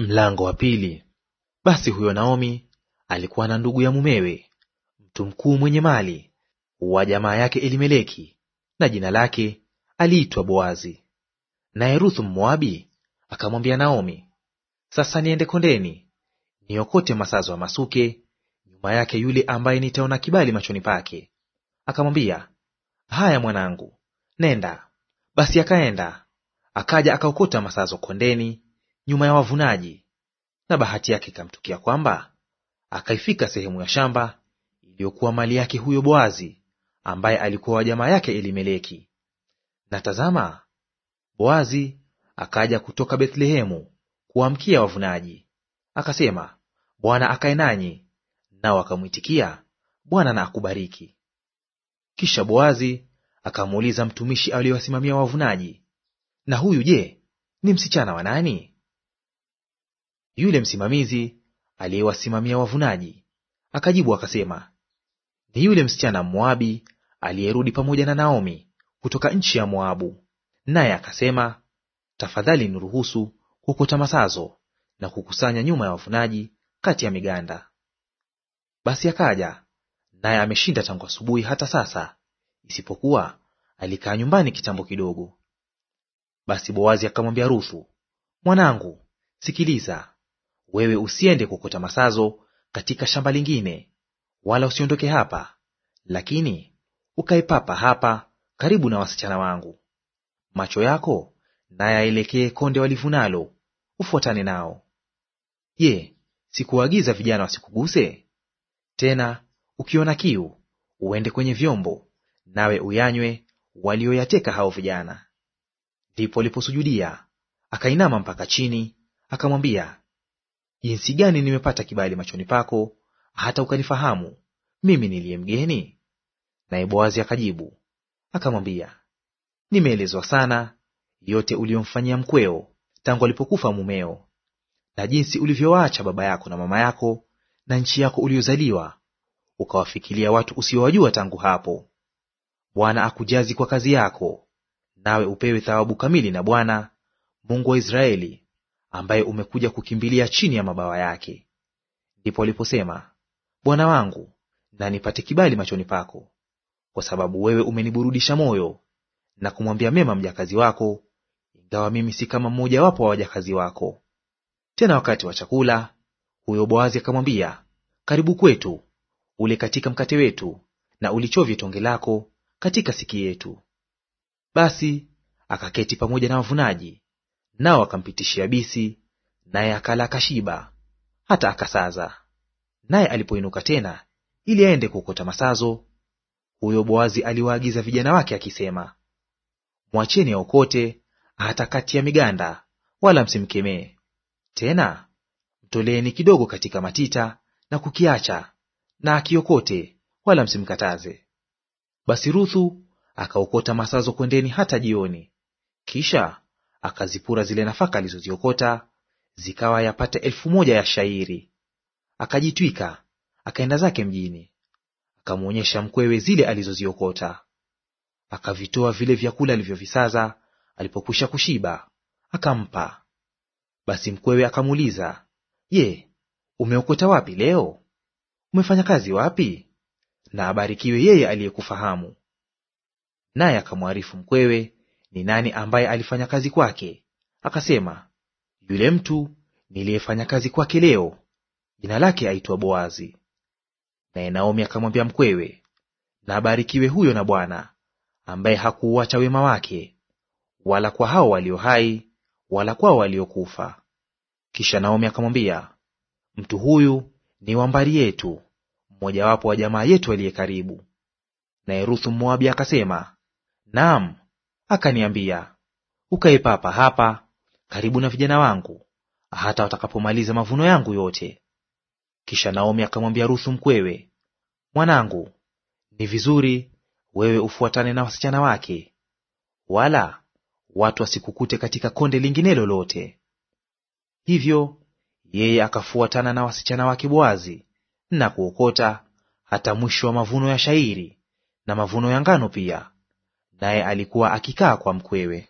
Mlango mm-hmm. wa pili. Basi huyo Naomi alikuwa na ndugu ya mumewe, mtu mkuu mwenye mali wa jamaa yake Elimeleki, na jina lake aliitwa Boazi. Naye Ruthu Mmoabi akamwambia Naomi, sasa niende kondeni niokote masazo ya masuke nyuma yake yule ambaye nitaona kibali machoni pake. Akamwambia, haya mwanangu, nenda. Basi akaenda akaja akaokota masazo kondeni nyuma ya wavunaji, na bahati yake ikamtukia kwamba akaifika sehemu ya shamba iliyokuwa mali yake huyo Boazi, ambaye alikuwa wa jamaa yake Elimeleki. Na tazama, Boazi akaja kutoka Bethlehemu kuamkia wavunaji, akasema, Bwana akae nanyi, nao akamwitikia, Bwana na akubariki. Kisha Boazi akamuuliza mtumishi aliyewasimamia wavunaji, na huyu je, ni msichana wa nani? Yule msimamizi aliyewasimamia wavunaji akajibu akasema, ni yule msichana Mmoabi aliyerudi pamoja na Naomi kutoka nchi ya Moabu. Naye akasema, tafadhali niruhusu kukota masazo na kukusanya nyuma ya wavunaji kati ya miganda. Basi akaja naye ameshinda tangu asubuhi hata sasa, isipokuwa alikaa nyumbani kitambo kidogo. Basi Boazi akamwambia Ruthu, mwanangu, sikiliza, wewe usiende kukota masazo katika shamba lingine, wala usiondoke hapa, lakini ukae papa hapa karibu na wasichana wangu. Macho yako na yaelekee konde walivunalo, ufuatane nao. Je, sikuagiza vijana wasikuguse? Tena ukiona kiu uende kwenye vyombo, nawe uyanywe walioyateka hao vijana. Ndipo aliposujudia akainama mpaka chini, akamwambia, jinsi gani nimepata kibali machoni pako hata ukanifahamu mimi niliye mgeni? Naye Boazi akajibu akamwambia, nimeelezwa sana yote uliyomfanyia mkweo tangu alipokufa mumeo, na jinsi ulivyowaacha baba yako na mama yako na nchi yako uliyozaliwa, ukawafikilia watu usiowajua tangu hapo. Bwana akujazi kwa kazi yako, nawe upewe thawabu kamili na Bwana Mungu wa Israeli ambaye umekuja kukimbilia chini ya mabawa yake. Ndipo aliposema, Bwana wangu, na nipate kibali machoni pako, kwa sababu wewe umeniburudisha moyo na kumwambia mema mjakazi wako, ingawa mimi si kama mmojawapo wa wajakazi wako. Tena wakati wa chakula, huyo Boazi akamwambia, karibu kwetu, ule katika mkate wetu, na ulichovye tonge lako katika siki yetu. Basi akaketi pamoja na wavunaji nao akampitishia bisi, naye akala akashiba hata akasaza. Naye alipoinuka tena ili aende kuokota masazo, huyo Boazi aliwaagiza vijana wake akisema, mwacheni aokote hata kati ya miganda, wala msimkemee tena. Mtoleeni kidogo katika matita na kukiacha, na akiokote, wala msimkataze. Basi Ruthu akaokota masazo kondeni hata jioni. Kisha akazipura zile nafaka alizoziokota zikawa yapata elfu moja ya shairi. Akajitwika akaenda zake mjini, akamwonyesha mkwewe zile alizoziokota. Akavitoa vile vyakula alivyovisaza alipokwisha kushiba, akampa. Basi mkwewe akamuuliza, Je, umeokota wapi leo? Umefanya kazi wapi? Na abarikiwe yeye aliyekufahamu. Naye akamwarifu mkwewe ni nani ambaye alifanya kazi kwake? Akasema, yule mtu niliyefanya kazi kwake leo, jina lake aitwa Boazi. Naye Naomi akamwambia mkwewe, na abarikiwe huyo na Bwana ambaye hakuuacha wema wake, wala kwa hao walio hai, wala kwao waliokufa. Kisha Naomi akamwambia, mtu huyu ni wambari yetu, mmojawapo wa jamaa yetu aliye karibu. Naye Ruthu Mmoabi akasema, naam, Akaniambia, ukae papa hapa karibu na vijana wangu hata watakapomaliza mavuno yangu yote. Kisha Naomi akamwambia Ruthu mkwewe, mwanangu, ni vizuri wewe ufuatane na wasichana wake, wala watu wasikukute katika konde lingine lolote. Hivyo yeye akafuatana na wasichana wake Boazi na kuokota hata mwisho wa mavuno ya shairi na mavuno ya ngano pia naye alikuwa akikaa kwa mkwewe.